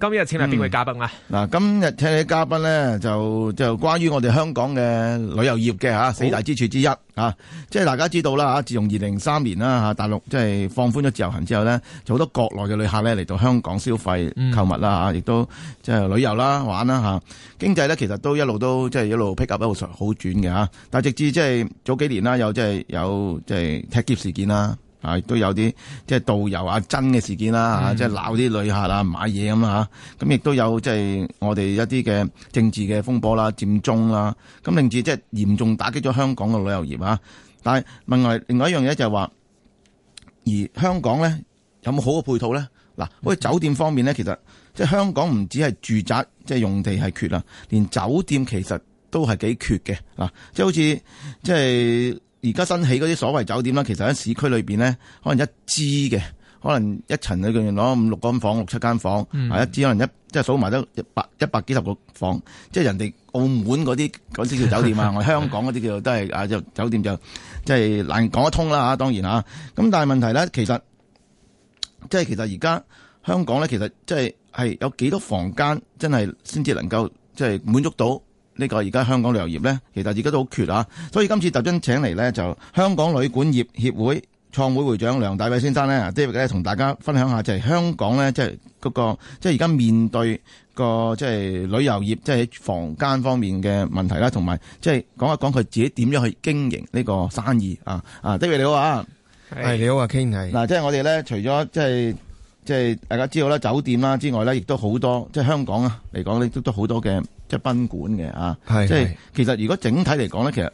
今日請嚟邊位嘉賓啊？嗱、嗯，今日請啲嘉賓咧，就就關於我哋香港嘅旅遊業嘅嚇、啊、四大支柱之一啊！即係大家知道啦嚇、啊，自從二零三年啦嚇、啊、大陸即係放寬咗自由行之後咧，就好多國內嘅旅客咧嚟到香港消費、購物啦嚇，亦、啊啊、都即係、就是、旅遊啦、玩啦嚇、啊，經濟咧其實都一路都即係、就是、一路 pick up 一路好轉嘅嚇、啊，但係直至即係早幾年啦，有即、就、係、是、有即係、就是就是、踢劫事件啦。啊啊，亦都有啲即係導遊阿、啊、珍嘅事件啦、嗯啊啊啊，即係鬧啲旅客啦，買嘢咁啦，咁亦都有即係我哋一啲嘅政治嘅風波啦、啊、佔中啦，咁、啊、令至即係嚴重打擊咗香港嘅旅遊業啊。但係另外另外一樣嘢就係話，而香港呢有冇好嘅配套呢？嗱、啊，好似酒店方面呢，其實即係香港唔止係住宅即係用地係缺啦，連酒店其實都係幾缺嘅嗱、啊，即係好似即係。即而家新起嗰啲所謂酒店啦，其實喺市區裏邊呢，可能一支嘅，可能一層裏邊攞五六間房，六七間房，啊、嗯、一支可能一即係數埋得一百一百幾十個房，即係人哋澳門嗰啲嗰啲叫酒店 叫啊，我香港嗰啲叫都係啊，就酒店就即係、就是、難講得通啦嚇，當然嚇。咁、啊、但係問題咧，其實即係其實而家香港咧，其實即係係有幾多房間真係先至能夠即係、就是、滿足到？呢個而家香港旅遊業咧，其實而家都好缺啊！所以今次特登請嚟咧，就香港旅館業協會創會會長梁大衛先生咧 David 咧，同、啊、大家分享下就係香港咧，即係嗰個即係而家面對、那個即係、就是、旅遊業即係、就是、喺房間方面嘅問題啦，同埋即係講一講佢自己點樣去經營呢個生意啊！啊，David 你好啊，係你好啊，傾偈嗱，即係我哋咧，除咗即係即係大家知道啦，酒店啦之外咧，亦都好多即係、就是、香港啊嚟講咧，亦都都好多嘅。即係賓館嘅啊，是是即係其實如果整體嚟講咧，其實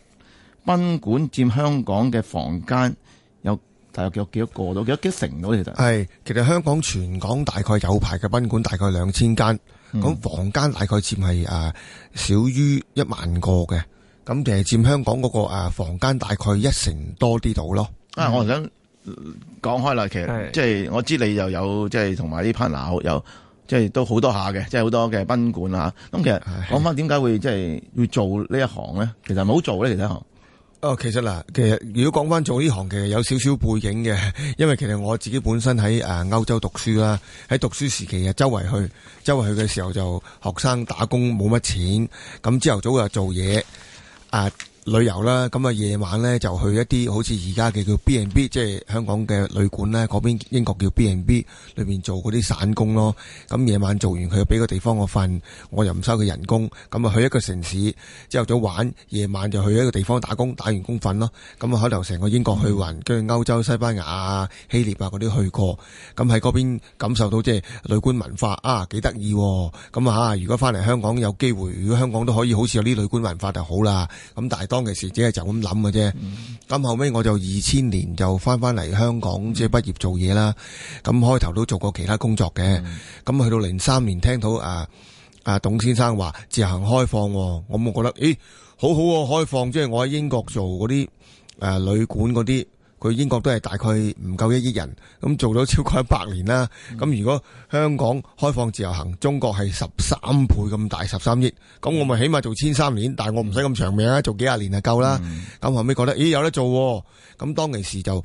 賓館佔香港嘅房間有大概有幾多個到，有幾多成到其實？係其實香港全港大概有排嘅賓館大概兩千間，咁房間大概佔係啊少於一萬個嘅，咁誒佔香港嗰個啊房間大概一成多啲度咯。嗯、啊，我想、呃、講開啦，其實是 即係我知你又有即係同埋呢班 partner 又。即係都好多下嘅，即係好多嘅賓館啊。咁其實講翻點解會即係要做呢一行咧？其實唔好做咧，其實行。哦，其實嗱，其實如果講翻做呢行，其實有少少背景嘅。因為其實我自己本身喺誒、啊、歐洲讀書啦，喺讀書時期啊，周圍去，周圍去嘅時候就學生打工冇乜錢，咁朝頭早又做嘢啊。旅遊啦，咁啊夜晚咧就去一啲好似而家嘅叫 B and B，即係香港嘅旅館咧，嗰邊英國叫 B and B，裏邊做啲散工咯。咁夜晚做完佢俾個地方我瞓，我又唔收佢人工。咁啊去一個城市，朝頭早玩，夜晚就去一個地方打工，打完工瞓咯。咁啊可能成個英國去勻，跟住歐洲、西班牙啊、希臘啊啲去過，咁喺嗰邊感受到即係旅館文化啊幾得意喎。咁啊嚇，如果翻嚟香港有機會，如果香港都可以好似有啲旅館文化就好啦。咁但係。當時只係就咁諗嘅啫，咁、嗯、後尾我就二千年就翻翻嚟香港畢，即係畢業做嘢啦。咁開頭都做過其他工作嘅，咁去、嗯、到零三年聽到啊啊董先生話自行開放，我咪覺得，咦、欸，好好啊！開放，即、就、係、是、我喺英國做嗰啲誒旅館嗰啲。佢英國都係大概唔夠一億人，咁做到超過一百年啦。咁如果香港開放自由行，中國係十三倍咁大，十三億，咁我咪起碼做千三年，但係我唔使咁長命啊，做幾廿年就夠啦。咁後尾覺得，咦，有得做、啊，咁當其時就，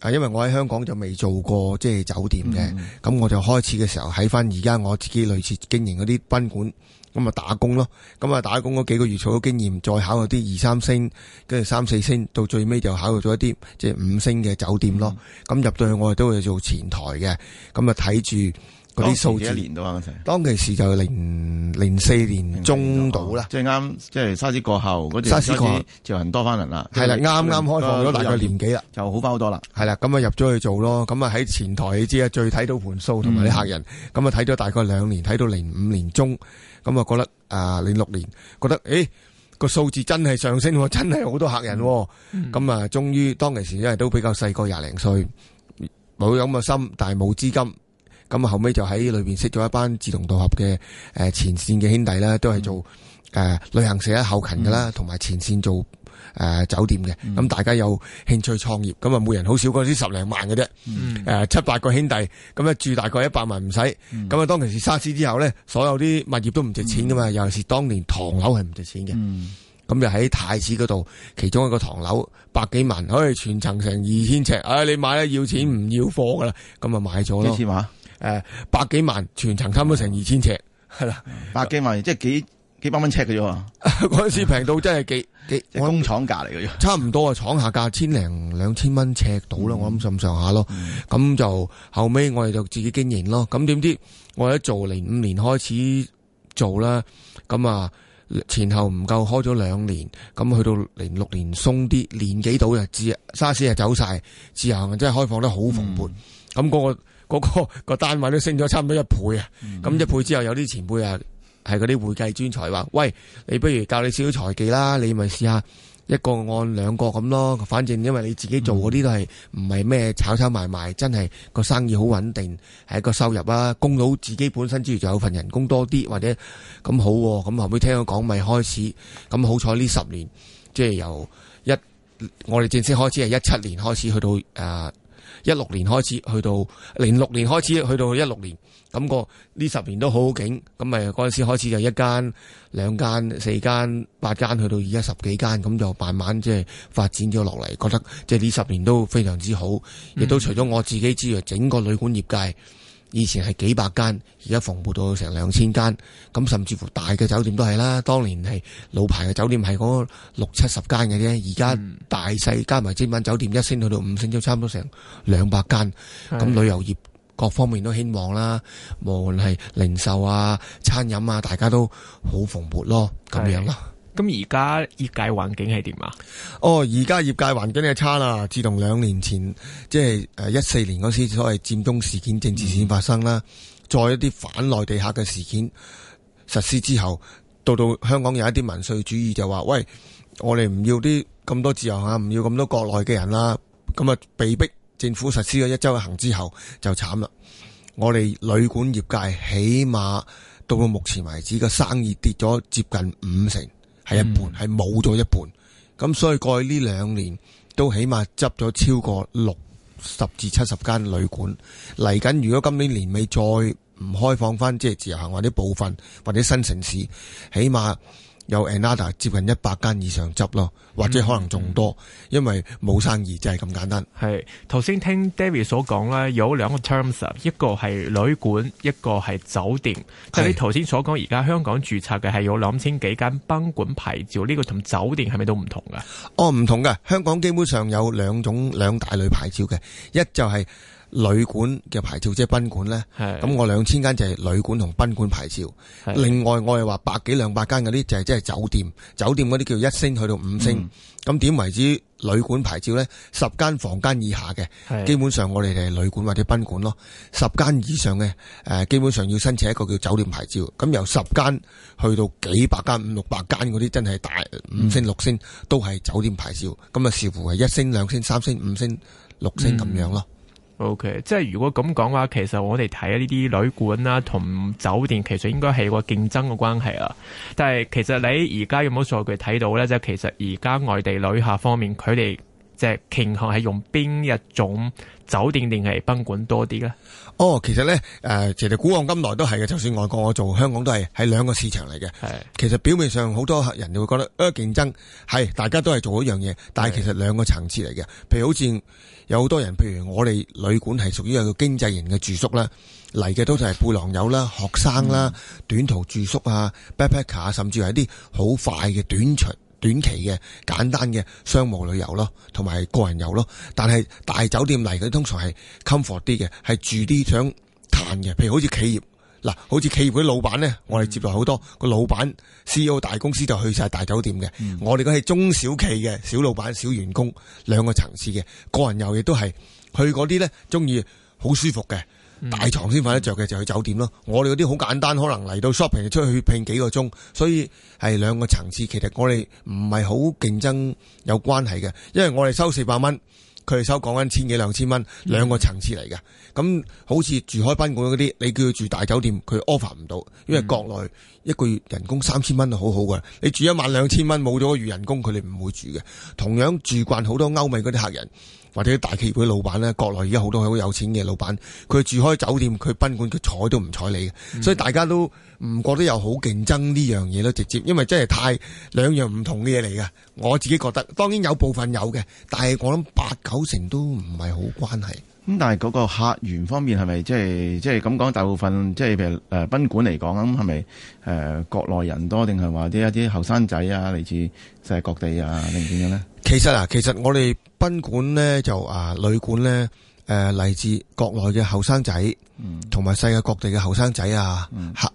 啊，因為我喺香港就未做過即係、就是、酒店嘅，咁我就開始嘅時候喺返而家我自己類似經營嗰啲賓館。咁啊打工咯，咁啊打工嗰幾個月儲咗經驗，再考慮啲二三星，跟住三四星，到最尾就考慮咗一啲即係五星嘅酒店咯。咁入到去我哋都會做前台嘅，咁啊睇住，啲數字一年到啦，當其時就零零四年中到啦，即係啱，即係、就是、沙士過後嗰陣開始就係多翻人啦。係啦，啱啱、就是、開放咗大概年幾啦，嗯、就好翻好多啦。係啦，咁啊入咗去做咯。咁啊喺前台你知啊，最睇到盤數同埋啲客人，咁啊睇咗大概兩年，睇到零，零五年中，咁啊覺得啊零、呃、六年覺得誒個、欸、數字真係上升喎，真係好多客人喎，咁啊終於當其時因為都比較細個廿零歲冇咁嘅心，但係冇資金。咁啊，後尾就喺裏邊識咗一班志同道合嘅誒前線嘅兄弟啦，都係做誒、呃、旅行社啊、後勤噶啦，同埋前線做誒、呃、酒店嘅。咁大家有興趣創業，咁啊，每人好少嗰啲十零萬嘅啫。誒、呃、七八個兄弟，咁咧住大概一百萬唔使。咁啊，當其時沙士之後呢，所有啲物業都唔值錢噶嘛，尤其是當年唐樓係唔值錢嘅。咁就喺太子嗰度，其中一個唐樓百幾萬，可以全層成二千尺。唉、哎，你買咧要錢唔要貨噶啦，咁啊買咗咯。幾誒，百幾萬全層差唔多成二千尺，係啦、嗯，的百幾萬，即係幾幾百蚊尺嘅啫、啊。嗰陣 時平到真係幾 幾工廠價嚟嘅啫，差唔多啊，廠下價千零兩千蚊尺到啦，我諗咁上下咯。咁、嗯、就後尾我哋就自己經營咯。咁點知我一做零五年開始做啦，咁啊前後唔夠開咗兩年，咁去到零六年鬆啲，年幾到嘅自沙士啊，走晒，自行啊真係開放得好蓬勃。咁嗰、嗯、那個。嗰、那個、那個單位都升咗差唔多一倍啊！咁、嗯、一倍之後，有啲前輩啊，係嗰啲會計專才話，喂，你不如教你少少財技啦，你咪試下一個按兩個咁咯。反正因為你自己做嗰啲都係唔係咩炒炒埋埋，真係個生意好穩定，係一個收入啊，供到自己本身之餘，仲有份人工多啲，或者咁好喎、啊。咁後尾聽佢講，咪開始咁好彩呢十年，即、就、係、是、由一我哋正式開始係一七年開始去到啊。呃一六年開始，去到零六年開始，去到一六年，感覺呢十年都好好景。咁咪嗰陣時開始就一間、兩間、四間、八間，去到而家十幾間，咁就慢慢即係發展咗落嚟，覺得即係呢十年都非常之好，亦都除咗我自己之外，整個旅館業界。以前係幾百間，而家蓬勃到成兩千間，咁甚至乎大嘅酒店都係啦。當年係老牌嘅酒店係嗰六七十間嘅啫，而家大細加埋精品酒店一星去到五星都差唔多成兩百間。咁的旅遊業各方面都興旺啦，無論係零售啊、餐飲啊，大家都好蓬勃咯，咁樣咯。咁而家業界環境係點啊？哦，而家業界環境係差啦。自從兩年前，即係誒一四年嗰時，所謂佔中事件、政治事件發生啦，嗯、再一啲反內地客嘅事件實施之後，到到香港有一啲民粹主義就話：喂，我哋唔要啲咁多自由啊，唔要咁多國內嘅人啦。咁啊，被逼政府實施咗一周一行之後，就慘啦。我哋旅館業界起碼到到目前為止嘅生意跌咗接近五成。係一半，係冇咗一半。咁所以過去呢兩年都起碼執咗超過六十至七十間旅館。嚟緊如果今年年尾再唔開放返，即係自由行或者部分或者新城市，起碼。有 another 接近一百間以上執咯，或者可能仲多，因為冇生意就係、是、咁簡單。係頭先聽 David 所講咧，有兩個 terms，一個係旅館，一個係酒店。是即係你頭先所講，而家香港註冊嘅係有兩千幾間賓館牌照，呢、這個同酒店係咪都唔同㗎？哦，唔同㗎，香港基本上有兩種兩大類牌照嘅，一就係、是。.旅館嘅牌照即係賓館咧，咁我兩千間就係旅館同賓館牌照。牌照是的 另外我係話百幾兩百間嗰啲就係即係酒店，酒店嗰啲叫一星去到五星。咁點為之旅館牌照咧？十間房間以下嘅，是的 基本上我哋係旅館或者賓館咯。十間以上嘅，誒，基本上要申請一個叫酒店牌照。咁由十間去到幾百間、五六百間嗰啲，的真係大五星、六星都係酒店牌照。咁啊，似乎係一星、兩星、三星、五星、六星咁樣咯。嗯。O、okay, K，即係如果咁講嘅話，其實我哋睇呢啲旅館啦、啊、同酒店，其實應該係個競爭嘅關係啊。但係其實你而家有冇數據睇到咧？即係其實而家外地旅客方面，佢哋。即係傾向係用邊一種酒店定係賓館多啲咧？哦，其實咧，誒，其實古往今來都係嘅，就算外國我做香港都係喺兩個市場嚟嘅。係，是的 其實表面上好多客人會覺得誒、呃、競爭係大家都係做一樣嘢，但係其實兩個層次嚟嘅。譬如好似有好多人，譬如我哋旅館係屬於一個經濟型嘅住宿啦，嚟嘅都就係背囊友啦、學生啦、嗯、短途住宿啊、backpacker，甚至係啲好快嘅短途。短期嘅簡單嘅商務旅遊咯，同埋個人遊咯。但係大酒店嚟佢通常係 comfort 啲嘅，係住啲想嘆嘅。譬如好似企業，嗱，好似企業嗰啲老闆咧，我哋接待好多個老闆，CEO 大公司就去晒大酒店嘅。嗯、我哋嗰係中小企嘅小老闆、小員工兩個層次嘅個人遊，亦都係去嗰啲咧，中意好舒服嘅。大床先瞓得着嘅就去酒店咯，嗯、我哋嗰啲好簡單，可能嚟到 shopping 出去拼幾個鐘，所以係兩個層次，其實我哋唔係好競爭有關係嘅，因為我哋收四百蚊，佢哋收講緊千幾兩千蚊，兩個層次嚟嘅。咁、嗯嗯、好似住開賓館嗰啲，你叫佢住大酒店，佢 offer 唔到，因為國內一個月人工三千蚊啊好好㗎，你住一晚兩千蚊冇咗個月人工，佢哋唔會住嘅。同樣住慣好多歐美嗰啲客人。或者啲大企業啲老闆咧，國內而家好多好有錢嘅老闆，佢住開酒店，佢賓館佢睬都唔睬你，嗯、所以大家都唔覺得有好競爭呢樣嘢咯。直接，因為真係太兩樣唔同嘅嘢嚟㗎。我自己覺得，當然有部分有嘅，但係我諗八九成都唔係好關係。咁、嗯、但係嗰個客源方面係咪即係即係咁講？即係即係、大部分即係、即係、譬如誒賓館嚟講，咁係咪誒國內人多，定係話啲一啲後生仔啊嚟自世界各地啊？定點樣咧？其實啊，其實我哋。賓館呢就啊旅館呢，誒、呃、嚟、呃、自國內嘅後生仔，同埋世界各地嘅後生仔啊，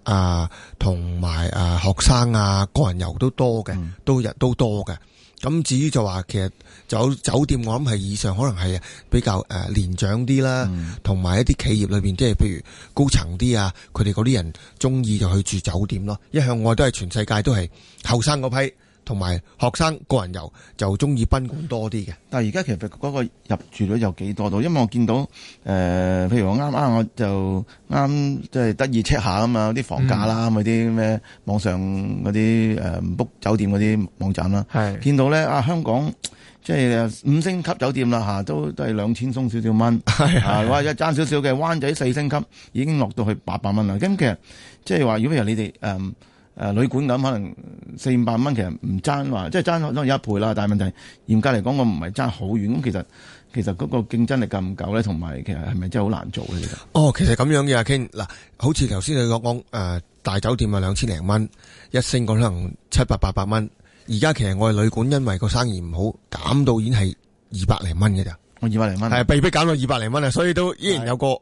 啊同埋啊學生啊，個人遊都多嘅、嗯，都日都多嘅。咁至於就話其實酒酒店我諗係以上可能係比較誒、呃、年長啲啦，同埋、嗯、一啲企業裏邊即係譬如高層啲啊，佢哋嗰啲人中意就去住酒店咯。一向我都係全世界都係後生嗰批。同埋學生個人遊就中意賓館多啲嘅。但係而家其實嗰個入住率又幾多度？因為我見到誒、呃，譬如我啱啱我就啱即係得意 check 下啊嘛，啲房價啦，咁啲咩網上嗰啲誒 book 酒店嗰啲網站啦，是見到咧啊香港即係、就是、五星級酒店啦嚇、啊，都都係兩千鬆少少蚊，或者爭少少嘅灣仔四星級已經落到去八百蚊啦。咁其實即係話，如果譬如你哋誒。嗯誒、呃、旅館咁可能四五百蚊，其實唔爭話，即係爭可能有一倍啦。但係問題嚴格嚟講，我唔係爭好遠。咁其實其實嗰個競爭力咁夠咧，同埋其實係咪真係好難做嘅？其實哦，其實咁樣嘅阿 King 嗱，啊、King，好似頭先你講講大酒店啊，兩千零蚊一星，可能七八八百蚊。而家其實我哋旅館因為個生意唔好，減到已經係二百零蚊嘅咋？我、哦、二百零蚊係被逼減到二百零蚊啊！所以都依然有個，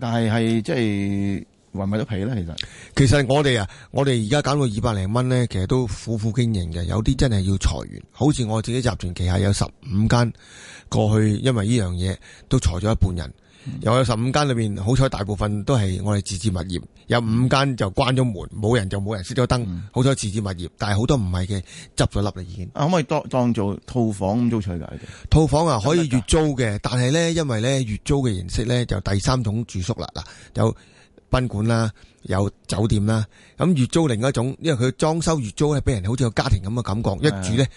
但係係即係。 還唔係皮咧？其實，其實我哋啊，我哋而家搞到二百零蚊咧，其實都苦苦經營嘅。有啲真係要裁員，好似我自己集團旗下有十五間，過去因為呢樣嘢都裁咗一半人。又有十五間裏邊，好彩大部分都係我哋自置物業，有五間就關咗門，冇人就冇人熄咗燈。嗯、好彩自置物業，但係好多唔係嘅，執咗笠啦已經。啊，可唔可以當當做套房咁租出去嘅？套房啊，可以月租嘅，但係咧，因為咧月租嘅形式咧，就第三種住宿啦，嗱，有。賓館啦，有酒店啦，咁月租另一種，因為佢裝修月租咧，俾人好似有家庭咁嘅感覺，的一住咧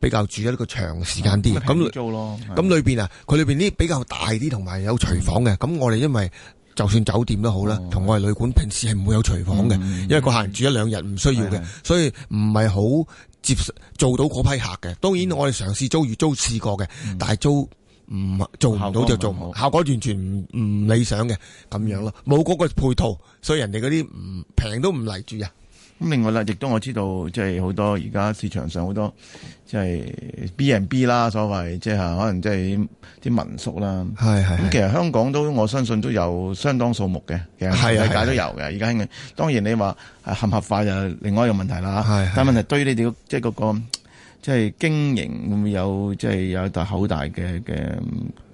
比較住一個長時間啲，咁的那租咯。咁裏邊啊，佢的裏邊啲比較大啲，同埋有廚房嘅。咁、嗯、我哋因為就算酒店都好啦，同、哦、我哋旅館平時係唔會有廚房嘅，嗯、因為個客人住一兩日唔需要嘅，的所以唔係好接受做到嗰批客嘅。當然我哋嘗試租月租試過嘅，嗯、但係租。唔做到就做唔，效果，好效果完全唔唔理想嘅咁樣咯，冇嗰個配套，所以人哋嗰啲唔平都唔嚟住啊。咁另外啦，亦都我知道，即係好多而家市場上好多即係、就是、B and B 啦，所謂即係可能即係啲民宿啦。係係。咁其實香港都我相信都有相當數目嘅，其實是世界都有嘅。而家興當然你話合唔合法就另外一個問題啦。係。是但問題對於你哋，即係嗰個。即係經營，會唔會有即係有大口大嘅嘅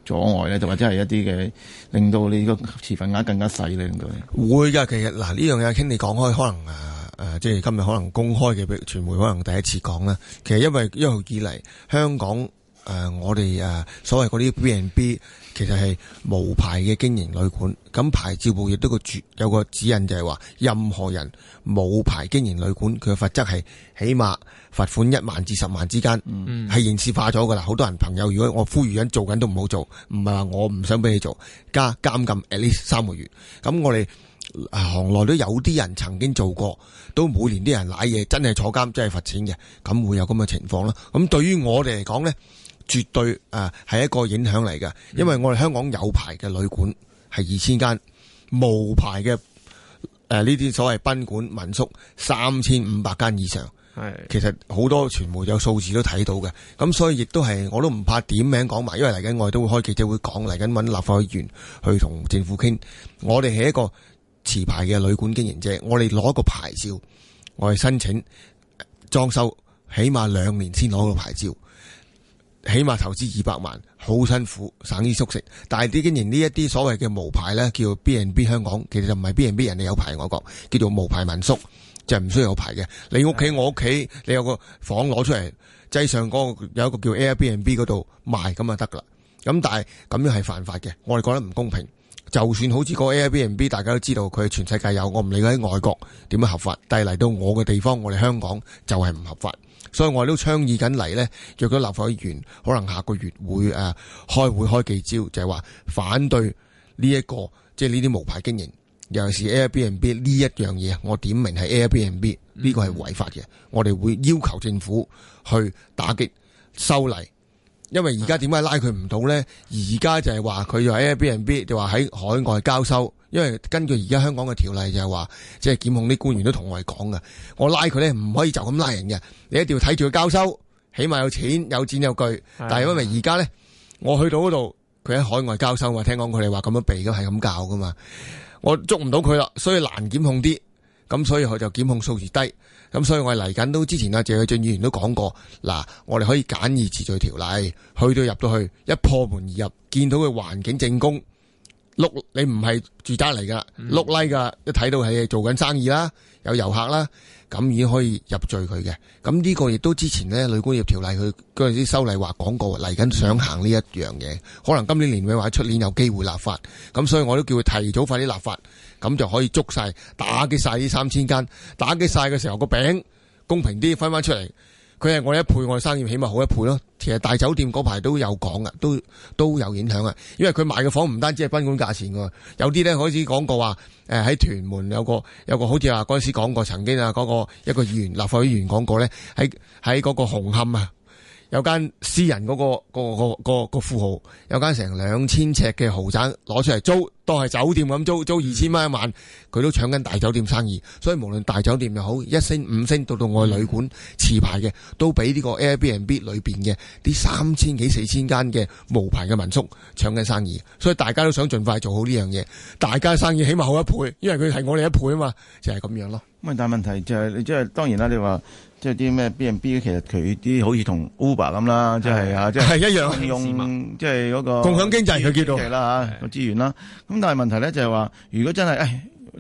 阻礙咧，就或者係一啲嘅令到你個持份額更加細咧，咁樣。會㗎，其實嗱，呢樣嘢傾你講開，可能誒誒、呃，即係今日可能公開嘅傳媒可能第一次講啦。其實因為一路以嚟香港誒、呃，我哋誒所謂嗰啲 B and B。B, 其實係無牌嘅經營旅館，咁牌照部亦都個指有個指引就係話，任何人冇牌經營旅館，佢嘅罰則係起碼罰款一萬至十萬之間，嗯嗯，係刑事化咗噶啦。好多人朋友，如果我呼籲緊做緊都唔好做，唔係話我唔想俾你做，加監禁 at least 三個月。咁我哋行內都有啲人曾經做過，都每年啲人瀨嘢，真係坐監，真係罰錢嘅，咁會有咁嘅情況啦。咁對於我哋嚟講咧。絕對啊，係一個影響嚟嘅，因為我哋香港有牌嘅旅館係二千間，無牌嘅誒呢啲所謂賓館民宿三千五百間以上，係其實好多傳媒有數字都睇到嘅，咁所以亦都係我都唔怕點名講埋，因為嚟緊我哋都會開記者會講，嚟緊揾立法會員去同政府傾，我哋係一個持牌嘅旅館經營者，我哋攞個牌照，我哋申請裝修，起碼兩年先攞個牌照。起碼投資二百萬，好辛苦，省衣縮食。但係呢，竟然呢一啲所謂嘅無牌咧，叫 B&B 香港，其實就唔係 B&B，人哋有牌，我講叫做無牌民宿，就係唔需要有牌嘅。你屋企我屋企，你有個房攞出嚟，擠上嗰個有一個叫 Airbnb 嗰度賣咁就得啦。咁但係咁樣係犯法嘅，我哋覺得唔公平。就算好似個 Airbnb，大家都知道佢全世界有，我唔理佢喺外國點樣合法，但係嚟到我嘅地方，我哋香港就係唔合法。所以我哋都倡議緊嚟咧，若果立法議員可能下個月會誒開會開記招，就係話反對呢一個即係呢啲無牌經營，尤其是 Airbnb 呢一樣嘢，我點明係 Airbnb 呢個係違法嘅，我哋會要求政府去打擊修例。因為而家點解拉佢唔到咧？而家就係話佢喺 Airbnb 就話喺海外交收，因為根據而家香港嘅條例就係話，即係檢控啲官員都同我哋講噶，我拉佢咧唔可以就咁拉人嘅，你一定要睇住佢交收，起碼有錢有錢有據。但係因為而家咧，我去到嗰度，佢喺海外交收嘛，聽講佢哋話咁樣避噶，係咁教噶嘛，我捉唔到佢啦，所以難檢控啲。咁所以佢就檢控數字低，咁所以我嚟緊都之前阿謝偉俊議員都講過，嗱我哋可以簡易程序條例去到入到去一破門而入，見到佢環境正宮碌、嗯、你唔係住宅嚟㗎碌拉 o 㗎，一睇到係做緊生意啦，有遊客啦，咁已經可以入罪佢嘅。咁呢個亦都之前呢，旅館業條例佢嗰陣時修例話講過嚟緊想行呢一樣嘢，嗯、可能今年年尾或者出年有機會立法，咁所以我都叫佢提早快啲立法。咁就可以捉晒，打擊晒呢三千間，打擊晒嘅時候個餅公平啲分翻出嚟。佢係我一倍，我生意起碼好一倍咯。其實大酒店嗰排都有講啊，都都有影響啊。因為佢賣嘅房唔單止係賓館價錢㗎，有啲咧開始講過話，誒、呃、喺屯門有個有個，有個好似話嗰陣時講過，曾經啊、那、嗰個一個議員立法會議員講過咧，喺喺嗰個紅磡啊。有間私人嗰個、嗰個、嗰個、嗰個、嗰個富豪，有間成兩千尺嘅豪宅攞出嚟租，當係酒店咁租，租二千蚊一晚，佢都搶緊大酒店生意。所以無論大酒店又好，一星、五星到到我旅館持牌嘅，都比呢個 Airbnb 裏邊嘅啲三千幾、四千間嘅無牌嘅民宿搶緊生意。所以大家都想盡快做好呢樣嘢，大家生意起碼好一倍，因為佢係我哋一倍啊嘛，就係咁樣咯。咁啊，但係問題就係，你即係當然啦，你話。即係啲咩 B and B，其實佢啲好似同 Uber 咁啦，的即係啊，的即係一樣用即係嗰個共享經濟，佢叫做啦吓個資源啦。咁的但係問題咧就係話，如果真係誒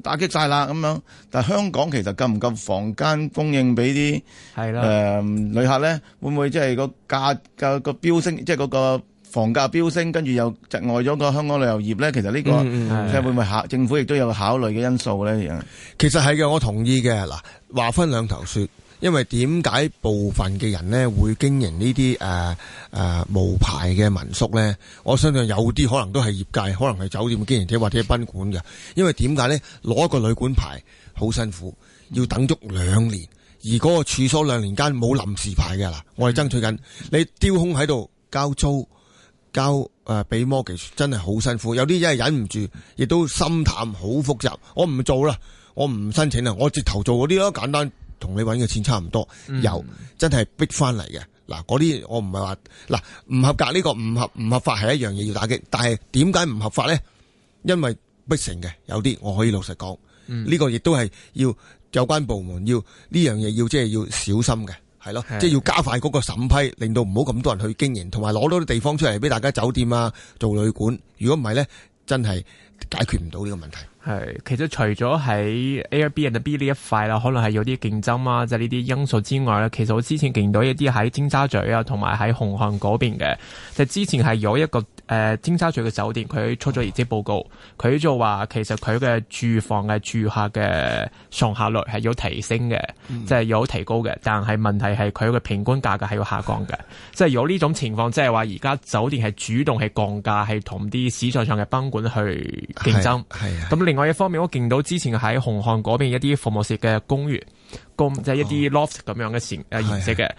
打擊晒啦咁樣，但係香港其實夠唔夠房間供應俾啲係啦誒旅客咧？會唔會即係個價，個個飆升，即係嗰個房價飆升，跟住又窒礙咗個香港旅遊業咧？其實呢，這個即係會唔會考政府亦都有考慮嘅因素咧？其實係嘅，我同意嘅。嗱，話分兩頭說。因為點解部分嘅人呢會經營呢啲誒誒無牌嘅民宿呢？我相信有啲可能都係業界，可能係酒店嘅經營者或者賓館嘅。因為點解呢？攞一個旅館牌好辛苦，要等足兩年，而嗰個處所兩年間冇臨時牌嘅啦。我哋爭取緊，你丟空喺度交租、交誒俾 mortgage，真係好辛苦。有啲真係忍唔住，亦都心淡，好複雜。我唔做啦，我唔申請啦，我直頭做嗰啲咯，簡單。同你揾嘅錢差唔多，有、嗯、真係逼翻嚟嘅。嗱，嗰啲我唔係話，嗱唔合格呢個唔合唔合法係一樣嘢要打擊，但係點解唔合法咧？因為逼成嘅有啲，我可以老實講，呢、嗯、個亦都係要有關部門要呢樣嘢要即係要小心嘅，係咯，的即係要加快嗰個審批，令到唔好咁多人去經營，同埋攞到啲地方出嚟俾大家酒店啊，做旅館。如果唔係咧，真係解決唔到呢個問題。係，其實除咗喺 Airbnb 呢一塊啦，可能係有啲競爭啊，即係呢啲因素之外咧，其實我之前見到一啲喺尖沙咀啊，同埋喺紅磡嗰邊嘅，即係之前係有一個誒尖沙咀嘅酒店，佢出咗業績報告，佢就話其實佢嘅住房嘅住客嘅上客率係有提升嘅，即係、嗯、有提高嘅，但係問題係佢嘅平均價格係要下降嘅，嗯、即係有呢種情況，即係話而家酒店係主動係降價，係同啲市場上嘅賓館去競爭，係咁另。另外一方面，我見到之前喺紅磡嗰邊一啲服務園、就是、式嘅公寓，公即係一啲 loft 咁樣嘅形誒形式嘅，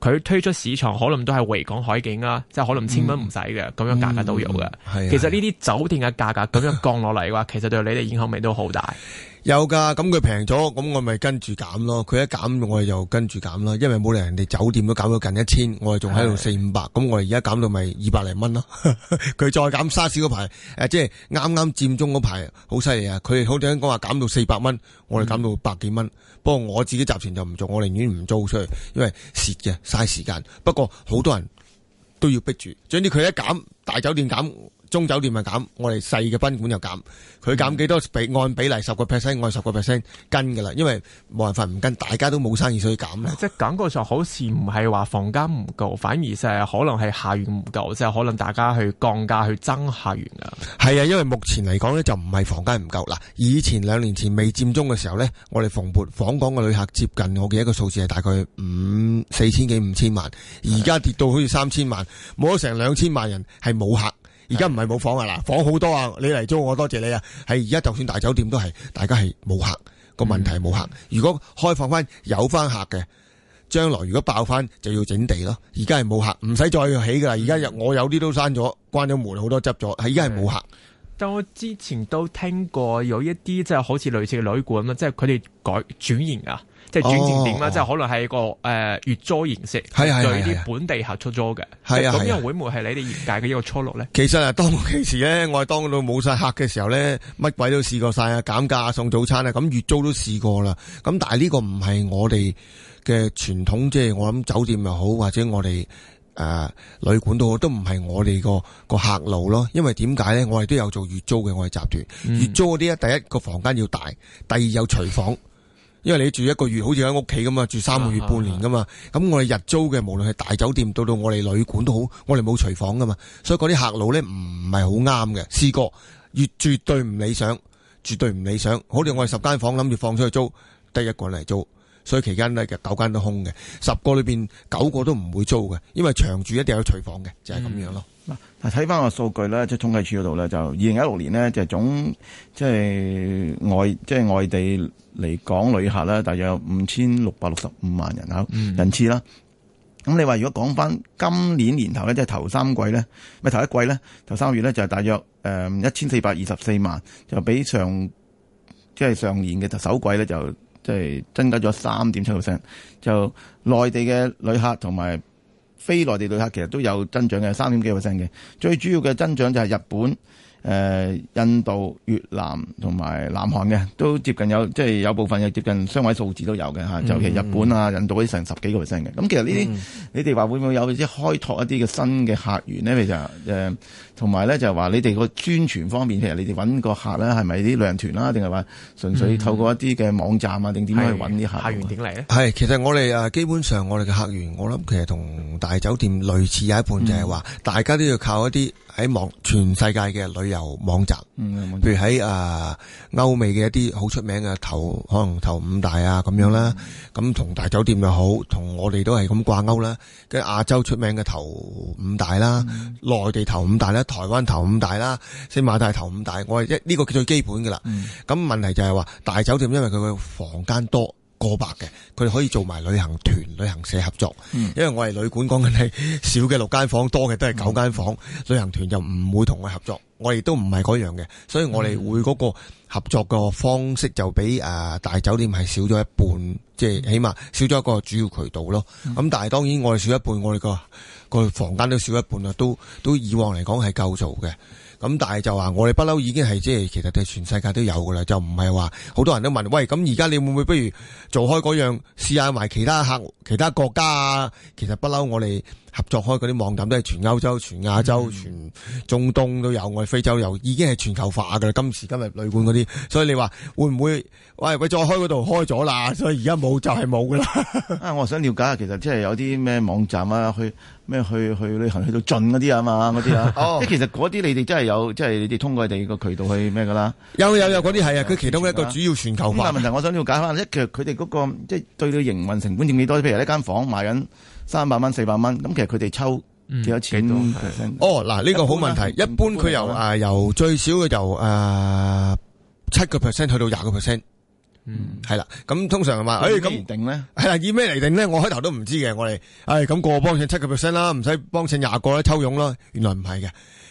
佢推出市場可能都係維港海景啊，即、就、係、是、可能千蚊唔使嘅，咁、嗯、樣價格都有嘅。嗯嗯、其實呢啲酒店嘅價格咁樣降落嚟嘅話，嗯、其實對你哋影響面都好大。 有噶，咁佢平咗，咁我咪跟住減咯。佢一減，我哋又跟住減啦。因為冇理由人哋酒店都減到近一千，我哋仲喺度四五百，咁的我哋而家減到咪二百零蚊咯。佢 再減，沙士嗰排，誒，即係啱啱佔中嗰排，好犀利啊！佢好似講話減到四百蚊，我哋減到百幾蚊。嗯、不過我自己集團就唔做，我寧願唔租出去，因為蝕嘅，嘥時間。不過好多人都要逼住，總之佢一減，大酒店減。中酒店咪減，我哋細嘅賓館又減，佢減幾多比按比例十個 percent，按十個 percent 跟噶啦，因為冇辦法唔跟，大家都冇生意所以減咧。即係感覺上好似唔係話房間唔夠，反而就係可能係客源唔夠，即係可能大家去降價去爭客源噶。係啊，因為目前嚟講呢，就唔係房間唔夠喇，以前兩年前未佔中嘅時候呢，我哋逢撥訪港嘅旅客接近我嘅一個數字係大概五四千幾五千萬，而家跌到好似三千萬，冇咗成兩千萬人係冇客。而家唔係冇房啊！嗱，房好多啊！你嚟租我多謝你啊！係而家就算大酒店都係，大家係冇客，個問題係冇客。如果開放翻有翻客嘅，將來如果爆翻就要整地咯。而家係冇客，唔使再起噶啦。而家我有啲都閂咗，關咗門好多執咗，係，而家係冇客。但我之前都聽過有一啲即係好似類似嘅旅館啦，即係佢哋改轉型啊，即係轉戰點啦，哦、即係可能係個誒、呃、月租形式、哎、呀對啲本地客出租嘅。係啊，咁樣會唔會係你哋業界嘅一個出路咧？其實啊，當其時咧，我哋當到冇晒客嘅時候咧，乜鬼都試過晒啊，減價、送早餐啊，咁月租都試過啦。咁但係呢個唔係我哋嘅傳統，即係我諗酒店又好，或者我哋。誒、呃，旅館都好，都唔係我哋個個客路咯，因為點解呢？我哋都有做月租嘅，我哋集團、嗯、月租嗰啲，第一個房間要大，第二有廚房， 因為你住一個月，好似喺屋企咁嘛，住三個月、半年噶嘛，咁 我哋日租嘅，無論係大酒店到到我哋旅館都好，我哋冇廚房噶嘛，所以嗰啲客路呢，唔係好啱嘅，試過月，絕對唔理想，絕對唔理想。好似我哋十間房諗住放出去租，得一個人嚟租。所以期間咧，就九間都空嘅，十個裏邊九個都唔會租嘅，因為長住一定有廚房嘅，就係咁樣咯。嗱、嗯，睇翻個數據咧，即係統計處嗰度咧，就二零一六年呢，就總即係外即係外地嚟港旅客咧，大約五千六百六十五萬人口、嗯、人次啦。咁你話如果講翻今年年頭咧，即係頭三季咧，咪頭一季咧，頭三個月咧，就係大約誒一千四百二十四萬，就比上即係上年嘅首季咧就。即係增加咗三點七個 percent，就內地嘅旅客同埋非內地旅客其實都有增長嘅，三點幾個 percent 嘅。最主要嘅增長就係日本。誒、呃，印度、越南同埋南韓嘅，都接近有，即係有部分有接近雙位數字都有嘅吓，尤其，嗯、日本啊，嗯、印度啲成十幾個 percent 嘅。咁其實呢啲，嗯，你哋話會唔會有啲係開拓一啲嘅新嘅客源呢？其實誒，同埋咧就係話你哋個宣傳方面，其實你哋搵個客咧係咪啲旅行團啦，定係話純粹透過一啲嘅網站啊，定點樣去搵啲客，嗯，客源點嚟咧？係，其實我哋啊，基本上我哋嘅客源，我諗其實同大酒店類似有一半，就係話，嗯，大家都要靠一啲。喺網全世界嘅旅遊網站，嗯嗯、譬如喺啊、呃、歐美嘅一啲好出名嘅頭，可能頭五大啊咁樣啦，咁同、嗯、大酒店又好，同、嗯、我哋都係咁掛鈎啦。跟亞洲出名嘅頭五大啦，嗯、內地頭五大啦，台灣頭五大啦，星馬泰頭五大，我係一呢個叫最基本嘅啦。咁、嗯、問題就係話，大酒店因為佢嘅房間多。過百嘅，佢哋可以做埋旅行團、旅行社合作，嗯、因為我哋旅館，講緊係少嘅六間房，多嘅都係九間房。嗯、旅行團就唔會同我哋合作，我哋都唔係嗰樣嘅，所以我哋會嗰個合作個方式就比誒、呃、大酒店係少咗一半，即係、嗯、起碼少咗一個主要渠道咯。咁、嗯、但係當然我哋少一半，我哋個個房間都少一半啊，都都以往嚟講係夠做嘅。咁但係就話我哋不嬲已經係即係其實對全世界都有㗎喇。就唔係話，好多人都問，喂，咁而家你會唔會不如做開嗰樣試下埋其他客其他國家啊？其實不嬲我哋。合作開嗰啲網站都係全歐洲、全亞洲、嗯、全中東都有，我非洲又已經係全球化嘅啦。今時今日旅館嗰啲，所以你話會唔會？喂，佢再開嗰度開咗啦，所以而家冇就係冇嘅啦。我想了解下，其實即係有啲咩網站啊，去咩去去、去旅行去到盡嗰啲啊嘛，嗰啲啊。即係 其實嗰啲你哋真係有，即、就、係、是、你哋通過第二個渠道去咩嘅啦？有有有，嗰啲係啊，佢其中一個主要全球化、啊、問題。我想了解翻一下，其實佢哋嗰個即係、那個就是、對到營運成本佔幾多？譬如呢間房賣緊。三百蚊四百蚊，咁其實佢哋抽多、嗯、幾多錢？哦，嗱、這、呢個好問題，一般佢由誒、嗯啊、由最少嘅由誒七個 percent 去到廿個 percent，嗯係啦，咁通常話誒咁定咧係啦以咩嚟定咧？我開頭都唔知嘅，我哋誒咁個幫襯七個 percent 啦，唔使幫襯廿個咧抽佣咯，原來唔係嘅，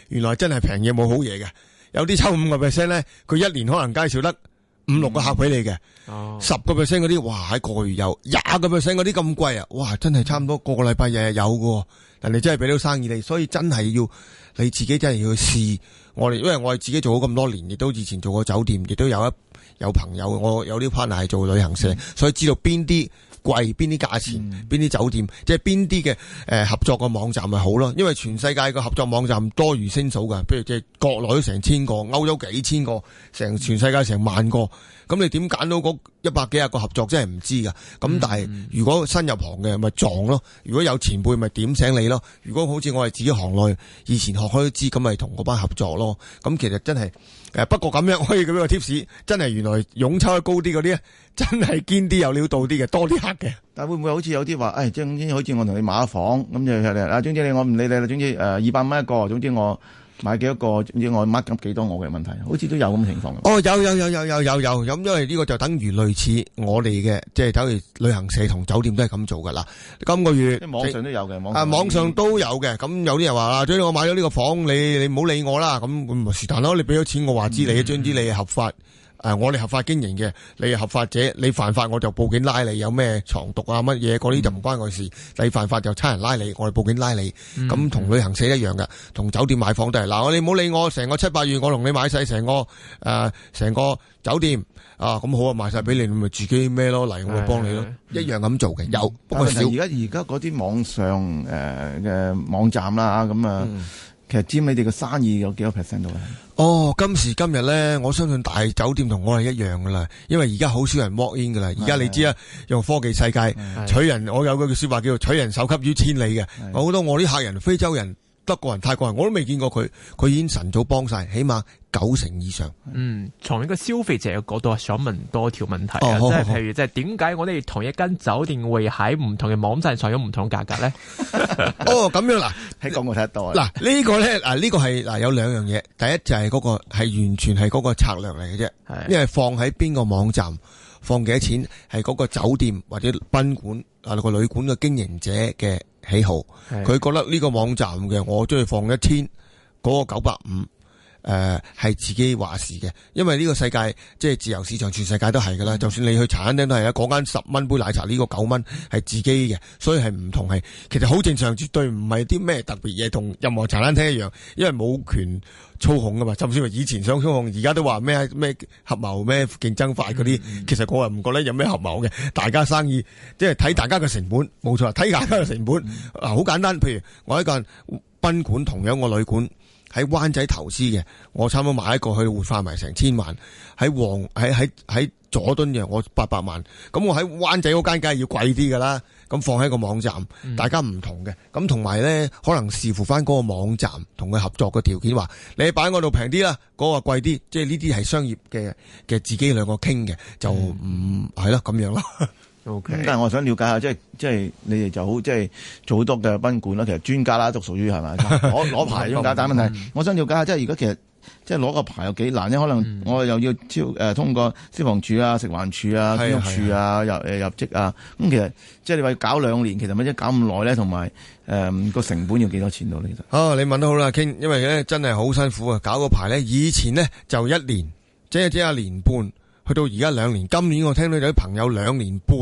原來真係平嘢冇好嘢嘅，有啲抽五個 percent 咧，佢一年可能介紹得。五六個客俾你嘅，十個 percent 嗰啲，哇喺、哎、個月有廿個 percent 嗰啲咁貴啊，哇真係差唔多個個禮拜日日有嘅，但係真係俾到生意你，所以真係要你自己真係要去試我哋，因為我哋自己做咗咁多年，亦都以前做過酒店，亦都有一有朋友我有啲 partner 係做旅行社，嗯、所以知道邊啲。貴邊啲價錢，邊啲、嗯、酒店，即係邊啲嘅誒合作嘅網站咪好咯，因為全世界嘅合作網站多如星數噶，譬如即係國內成千個，歐洲幾千個，成全世界成萬個，咁你點揀到嗰一百幾廿個合作真係唔知噶，咁、嗯、但係如果新入行嘅咪撞咯，如果有前輩咪點醒你咯，如果好似我哋自己行內，以前學開都知，咁咪同嗰班合作咯，咁其實真係。誒不過咁樣可以咁樣個 tips，真係原來湧差高啲嗰啲，真係堅啲有料到啲嘅，多啲黑嘅。但會唔會好似有啲話誒？總之好似我同你買房咁就誒，總之你我唔理你啦。總之誒二百蚊一個，總之我。買幾多個？你外乜咁幾多？我嘅問題，好似都有咁情況。哦，有有有有有有有，咁因為呢個就等於類似我哋嘅，即係等於旅行社同酒店都係咁做噶啦。今個月，網上都有嘅，網上都有嘅。咁、啊、有啲人話啦，總之我買咗呢個房，你你唔好理我啦。咁咪是但咯，你俾咗錢我，我話知你，將啲你合法。誒、呃，我哋合法經營嘅，你係合法者，你犯法我就報警拉你，有咩藏毒啊乜嘢，嗰啲、嗯、就唔關我事。你犯法就差人拉你，我哋報警拉你，咁同、嗯、旅行社一樣嘅，同酒店買房都係。嗱，我你唔好理我，成個七八月我同你買晒成個誒，成、呃、個酒店啊，咁好啊，賣晒俾你，你咪自己咩咯，嚟我會幫你咯，是是是一樣咁做嘅。嗯、有，不過少。而家而家嗰啲網上誒嘅網站啦，咁、呃、啊。嗯嗯。其實佔你哋個生意有幾多 percent 到咧？哦，今時今日咧，我相信大酒店同我係一樣噶啦，因為而家好少人 walk in 噶啦。而家是的 你知啦，用科技世界是的 取人，是的 我有句說話叫做取人首級於千里嘅。是的 我好多我啲客人，非洲人。德國人、泰國人，我都未見過佢，佢已經晨早幫晒，起碼九成以上。嗯，從一個消費者嘅角度，想問多條問題，即係、哦、譬如，即係點解我哋同一間酒店會喺唔同嘅網站上咗唔同價格咧？ 哦，咁樣嗱，喺廣告睇得到啦。嗱 呢個、呢、呢個咧嗱，呢個係嗱有兩樣嘢，第一就係嗰、嗰個係完全係嗰個策略嚟嘅啫。的因為放喺邊個網站放幾多錢，係嗰個酒店或者賓館啊個旅館嘅經營者嘅。喜好，佢覺得呢個網站嘅，我中意放一千嗰個，九百五。誒係、呃、自己話事嘅，因為呢個世界即係自由市場，全世界都係㗎啦。嗯、就算你去茶餐廳都係啊，講緊十蚊杯奶茶呢、呢個九蚊係自己嘅，所以係唔同係。其實好正常，絕對唔係啲咩特別嘢，同任何茶餐廳一樣，因為冇權操控㗎嘛。就算以前想操控，而家都話咩咩合謀咩競爭法嗰啲，嗯嗯，其實我係唔覺得有咩合謀嘅。大家生意即係睇大家嘅成本，冇錯，睇大家嘅成本。嗱好、嗯、簡單，譬如我喺間賓館同樣個旅館。喺灣仔投資嘅，我差唔多買一個去活化埋成千萬。喺旺喺喺喺佐敦嘅，我八百萬。咁我喺灣仔嗰間梗係要貴啲㗎啦。咁放喺個網站，大家唔同嘅。咁同埋咧，可能視乎翻嗰個網站同佢合作嘅條件，話你擺喺我度平啲啦，嗰、嗰個貴啲、嗰個。即係呢啲係商業嘅嘅，自己兩個傾嘅就唔係咯咁樣啦。Okay. 但係我想了解下，即係即係你哋就好，即係做好多嘅賓館啦。其實專家啦都屬於係咪攞攞 牌，簡單問題。我想了解下，即係而家其實即係攞個牌有幾難咧？可能我又要超誒、呃、通過消防處啊、食環署啊、居屋處啊入誒、呃、入職啊。咁、嗯、其實即係你話要搞兩年，其實咪嘢搞咁耐咧？同埋誒個成本要幾多錢度咧？其實哦，你問得好啦，King，因為咧真係好辛苦啊！搞個牌咧，以前呢，就一年，即係即係一年半。去到而家兩年，今年我聽到有啲朋友兩年半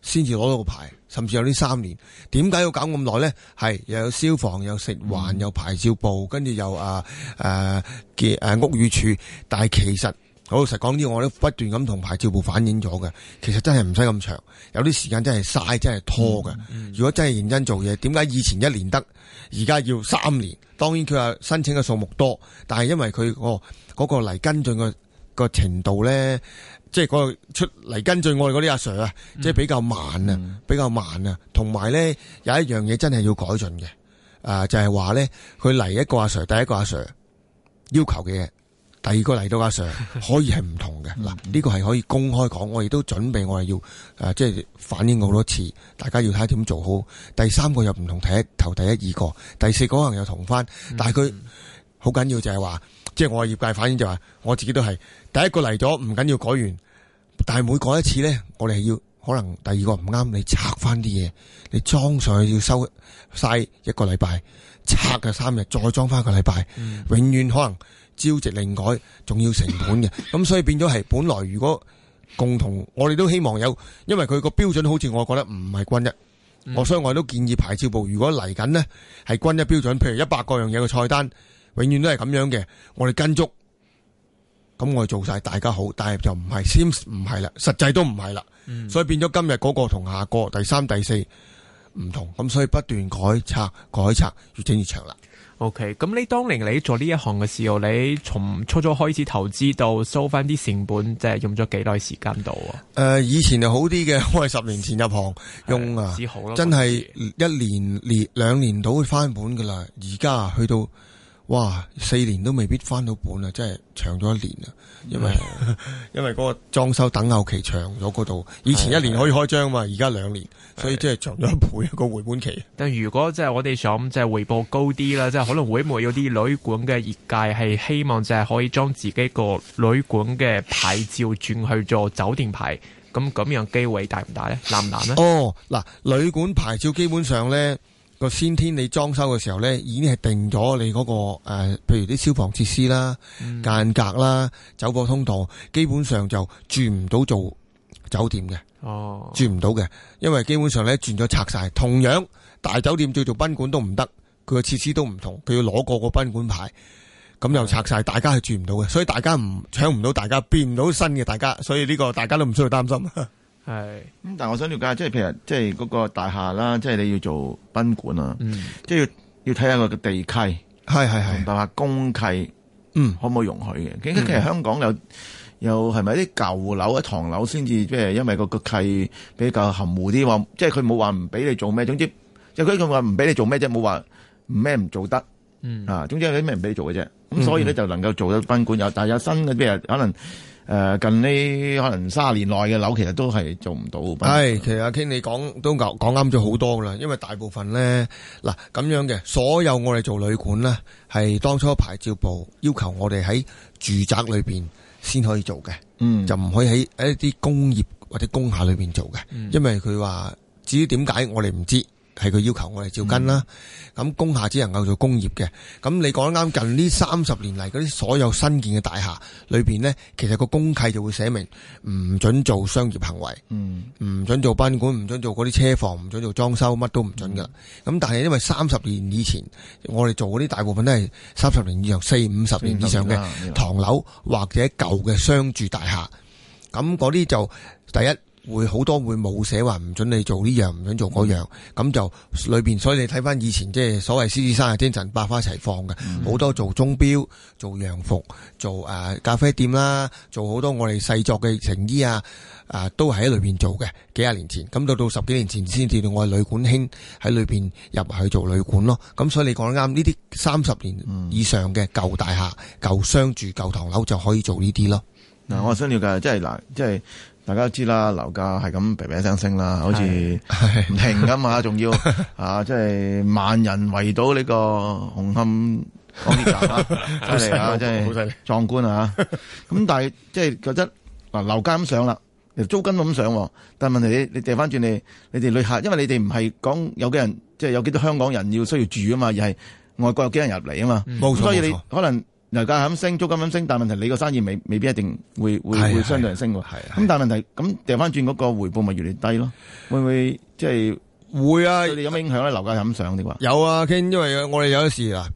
先至攞到個牌，甚至有呢三年。點解要搞咁耐咧？係又有消防，有食環，有牌照部，跟住又啊誒建誒屋宇署。但係其實好老實講啲，我都不斷咁同牌照部反映咗嘅，其實真係唔使咁長，有啲時間真係嘥，真係拖嘅。嗯嗯、如果真係認真做嘢，點解以前一年得，而家要三年？當然佢話申請嘅數目多，但係因為佢、嗰個嚟、嗰個、跟進嘅個程度咧，即係嗰個出嚟跟進我哋嗰啲阿 sir 啊、嗯，即係比較慢啊，嗯、比較慢啊。同埋咧有一樣嘢真係要改進嘅，啊、呃、就係話咧佢嚟一個阿 sir，第一個阿 sir 要求嘅嘢，第二個嚟到阿 sir 可以係唔同嘅。嗱呢、 嗯，這個係可以公開講，我亦都準備我哋要，啊即係反映好多次，大家要睇下點做好。第三個又唔同，睇頭第一二個，第四個可能又同翻，但係佢好緊要就係話。即係我嘅業界反映就話、是，我自己都係第一個嚟咗，唔緊要改完，但係每改一次呢，我哋係要可能第二個唔啱，你拆翻啲嘢，你裝上去要收晒一個禮拜，拆嘅三日，再裝翻個禮拜，永遠可能朝夕另改，仲要成本嘅，咁 所以變咗係本來如果共同，我哋都希望有，因為佢個標準好似我覺得唔係均一，我 所以我都建議牌照部，如果嚟緊呢，係均一標準，譬如一百個樣嘢嘅菜單。永遠都係咁樣嘅，我哋跟足，咁我哋做晒大家好，但係就唔係先唔係啦，實際都唔係啦，所以變咗今日嗰個同下個第三第四唔同，咁所以不斷改策改策，越整越長啦。OK，咁你當年你做呢一行嘅時候，你從初初開始投資到收翻啲成本，即係用咗幾耐時間到啊？誒、呃，以前就好啲嘅，我係十年前入行，用啊，好真係一年兩年兩年到翻本噶啦，而家去到。哇！四年都未必翻到本啊，真係長咗一年啊！因為、嗯、 因為嗰個裝修等候期長咗嗰度，以前一年可以開張嘛，而家兩年，對所以即係長咗一倍個回本期。但如果即係我哋想即係回報高啲啦，即係可能會唔會有啲旅館嘅業界係希望即係可以將自己個旅館嘅牌照轉去做酒店牌，咁咁樣機會大唔大咧？難唔難呢？哦，嗱、呃，旅館牌照基本上咧。個先天你裝修嘅時候呢，已經係定咗你嗰個誒，譬如啲消防設施啦、間、嗯、隔啦、走貨通道，基本上就轉唔到做酒店嘅。哦，轉唔到嘅，因為基本上咧轉咗拆晒。同樣大酒店要做賓館都唔得，佢個設施都唔同，佢要攞過個賓館牌，咁又拆晒，嗯、大家係轉唔到嘅。所以大家唔搶唔到，大家變唔到新嘅，大家所以呢個大家都唔需要擔心。 係，咁、嗯、但係我想了解、那個，即係譬如，嗯、即係嗰個大廈啦，即係你要做賓館啊，即係要要睇下個地契，係係係大廈公契，嗯，可唔可以容許嘅？嗯、其實香港有有係咪啲舊樓、啲唐樓先至，即係因為個契比較含糊啲，即係佢冇話唔俾你做咩，總之，即係佢話唔俾你做咩啫，冇話咩唔做得，嗯啊，總之有啲咩唔俾你做嘅啫，咁所以咧就能夠做到賓館有，但係有新嘅，譬如可能。誒，近呢可能卅年內嘅樓，其實都係做唔到。係、哎，其實阿 King 你講都講，講啱咗好多啦。因為大部分咧，嗱咁樣嘅，所有我哋做旅館咧，係當初牌照部要求我哋喺住宅裏邊先可以做嘅，嗯，就唔可以喺一啲工業或者工廈裏邊做嘅，因為佢話至於點解我哋唔知。係佢要求我哋照跟啦，咁工廈只能夠做工業嘅。咁你講得啱，近呢三十年嚟嗰啲所有新建嘅大廈裏邊呢，其實個公契就會寫明唔准做商業行為，嗯、唔准做賓館，唔准做嗰啲車房，唔准做裝修，乜都唔准噶。咁、嗯、但係因為三十年以前，我哋做嗰啲大部分都係三十年以上、四五十年以上嘅唐樓或者舊嘅商住大廈，咁嗰啲就第一。會好多會冇寫話唔准你做呢樣，唔准做嗰樣，咁、嗯、就裏邊，所以你睇翻以前，即係所謂獅子山啊精神，百花齊放嘅，好、嗯、多做鐘錶、做洋服、做誒、呃、咖啡店啦，做好多我哋細作嘅成衣啊，啊、呃、都係喺裏邊做嘅，幾廿年前，咁到到十幾年前先至到我哋旅館興喺裏邊入去做旅館咯，咁所以你講得啱，呢啲三十年以上嘅舊大廈、舊、嗯、商住、舊唐樓就可以做呢啲咯。嗱、嗯，我想了解，即係嗱，即係。大家都知啦，樓價係咁咇咇聲升啦，的好似唔停咁啊！仲要啊，即係萬人圍到呢個紅磡港鐵站。真係啊，真係壯觀啊！咁、 嗯、但係即係覺得嗱，樓價咁上啦，租金都咁上，但係問題你你掉翻轉嚟，你哋旅客，因為你哋唔係講有幾人，即係有幾多香港人要需要住啊嘛，而係外國有幾人入嚟啊嘛，所以你可能。樓價係咁升，租金咁升，但係問題你個生意未未必一定會會是是 會相對係升喎。係咁，但係問題咁掉翻轉嗰個回報咪越嚟越低咯？會唔會即係、就是、會啊？對你有咩影響咧？樓價咁上點啊？話有啊，傾因為我哋有時嗱，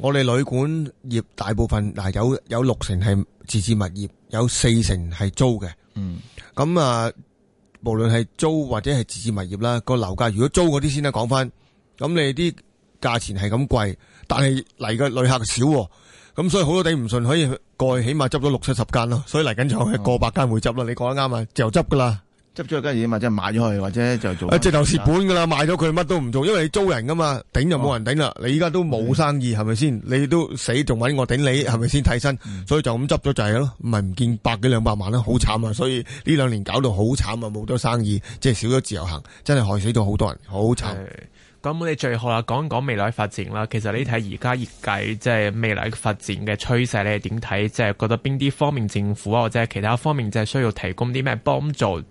我哋旅館業大部分嗱，有有六成係自置物業，有四成係租嘅。嗯，咁啊，無論係租或者係自置物業啦，個樓價如果租嗰啲先啦，講翻咁你啲價錢係咁貴，但係嚟嘅旅客少。咁、嗯、所以好多頂唔順可以過去，起碼執咗六七十間咯，所以嚟緊就係過百間會執啦。嗯、你講得啱啊，就執噶啦，執咗間嘢，起碼即係賣咗佢，或者就做，直頭蝕本噶啦，賣咗佢乜都唔做，因為你租人噶嘛，頂就冇人頂啦。哦、你依家都冇生意係咪先？你都死仲搵我頂你係咪先替身？嗯、所以就咁執咗就係咯，咪唔見百幾兩百萬啦、啊，好慘啊！所以呢兩年搞到好慘啊，冇多生意，即係少咗自由行，真係害死咗好多人，好慘。嗯咁我哋最後啦，講一講未來發展啦。其實你睇而家業界即係、就是、未來發展嘅趨勢咧，點睇？即、就、係、是、覺得邊啲方面政府啊，或者係其他方面，即係需要提供啲咩幫助嚟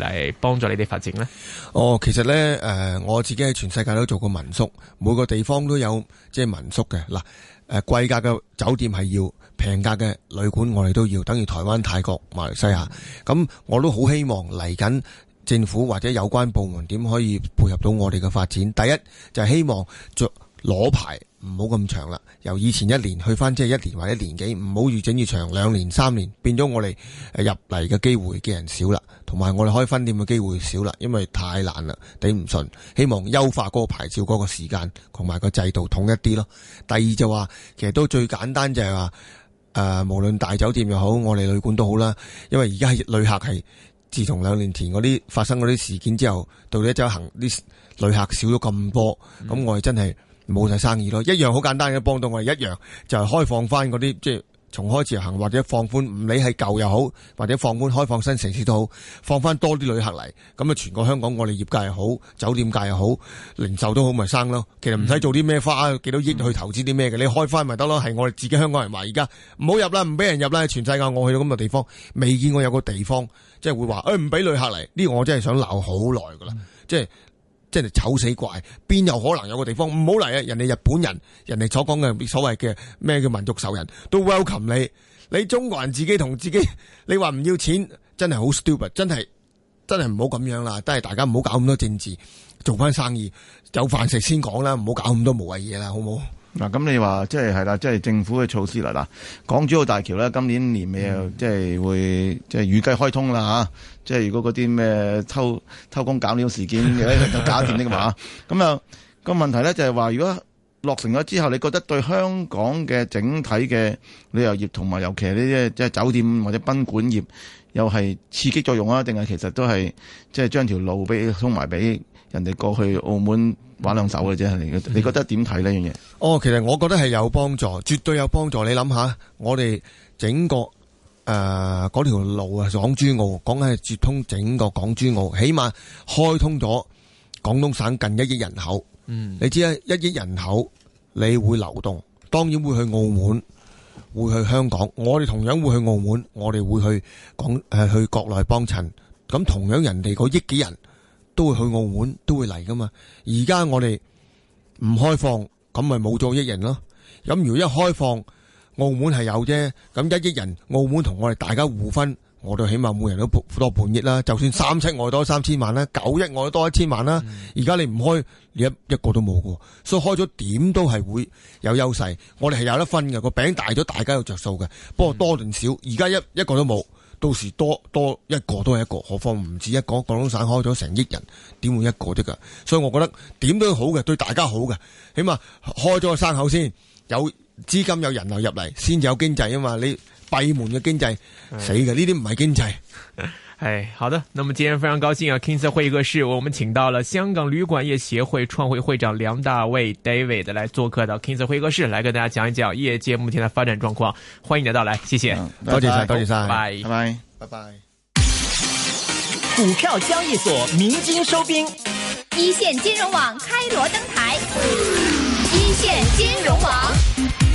嚟幫助你哋發展呢？哦，其實呢，誒、呃，我自己喺全世界都做過民宿，每個地方都有即係、就是、民宿嘅。嗱，誒、呃，貴價嘅酒店係要，平價嘅旅館我哋都要，等於台灣、泰國、馬來西亞。咁我都好希望嚟緊。政府或者有關部門點可以配合到我哋嘅發展？第一就係、是、希望着攞牌，唔好咁長啦，由以前一年去翻即係一年或者年幾，唔好越整越長，兩年三年變咗我哋入嚟嘅機會嘅人少啦，同埋我哋開分店嘅機會少啦，因為太難啦，頂唔順，希望優化嗰個牌照嗰、嗰個時間同埋個制度統一啲咯。第二就話，其實都最簡單就，就係話，誒無論大酒店又好，我哋旅館都好啦，因為而家係旅客係。自從兩年前嗰啲發生嗰啲事件之後，到底走行啲旅客少咗咁多，咁、嗯、我哋真係冇晒生意咯。一樣好簡單嘅幫到我哋一樣就係開放翻嗰啲即係。就是重開自由行或者放寬，唔理係舊又好，或者放寬開放新城市都好，放翻多啲旅客嚟，咁啊，全個香港我哋業界又好，酒店界又好，零售都好咪生咯。其實唔使做啲咩花幾多億去投資啲咩嘅，你開翻咪得咯。係我哋自己香港人話，而家唔好入啦，唔俾人入啦。全世界我去到咁嘅地方，未見過有個地方即係會話，誒唔俾旅客嚟。呢個我真係想鬧好耐噶啦，嗯、即係。真係醜死怪，邊有可能有個地方唔好嚟啊！人哋日本人，人哋所講嘅所謂嘅咩叫民族仇人，都 welcome 你。你中國人自己同自己，你話唔要錢，真係好 stupid，真係真係唔好咁樣啦，真係大家唔好搞咁多政治，做翻生意有飯食先講啦，唔好搞咁多無謂嘢啦，好唔好？嗱咁、嗯、你話即係係啦，即係政府嘅措施嚟啦。港珠澳大橋咧，今年年尾又即係會即係預計開通啦嚇、啊。即係如果嗰啲咩偷偷工減料事件嘅搞掂的話，咁 啊、嗰個問題咧就係、係、話，如果落成咗之後，你覺得對香港嘅整體嘅旅遊業同埋尤其係呢啲即係酒店或者賓館業，又係刺激作用啊，定係其實都係即係將條路俾通埋俾？人哋過去澳門玩兩手嘅啫，你你覺得點睇呢樣嘢？哦，其實我覺得係有幫助，絕對有幫助。你諗下，我哋整個誒嗰條路啊，港珠澳講緊係接通整個港珠澳，起碼開通咗廣東省近一億人口。嗯，你知啦，一億人口你會流動，當然會去澳門，會去香港。我哋同樣會去澳門，我哋會去廣誒、呃、去國內幫襯。咁同樣人哋嗰億幾人。都會去澳門，都會嚟噶嘛？而家我哋唔開放，咁咪冇咗億人咯。咁如果一開放，澳門係有啫。咁一億人，澳門同我哋大家互分，我哋起碼每人都多半億啦。就算三七我多三千萬啦，九一我多一千萬啦。而家、嗯、你唔開，你一一個都冇噶。所以開咗點都係會有優勢。我哋係有得分嘅，個餅大咗，大家有着數嘅。不過多定少，而家一一個都冇。到時多多一個都係一個，何況唔止一個，廣東省開咗成億人，點會一個啫㗎？所以我覺得點都好嘅，對大家好嘅，起碼開咗個山口先，有資金有人流入嚟，先有經濟啊嘛！你。閉門嘅經濟死嘅，呢啲唔係經濟。哎，經濟哎，好的，那麼今天非常高興啊，King Sir 會客室，Ghost, 我們請到了香港旅館業協會創會會長梁大衛 David 嚟，做客到 King Sir 會客室，Ghost, 來跟大家講一講業界目前嘅發展狀況。歡迎你到來，謝謝，多謝晒，多謝晒，拜拜，拜拜。拜拜股票交易所鳴金收兵，一線金融網開鑼登台，嗯、一線金融網。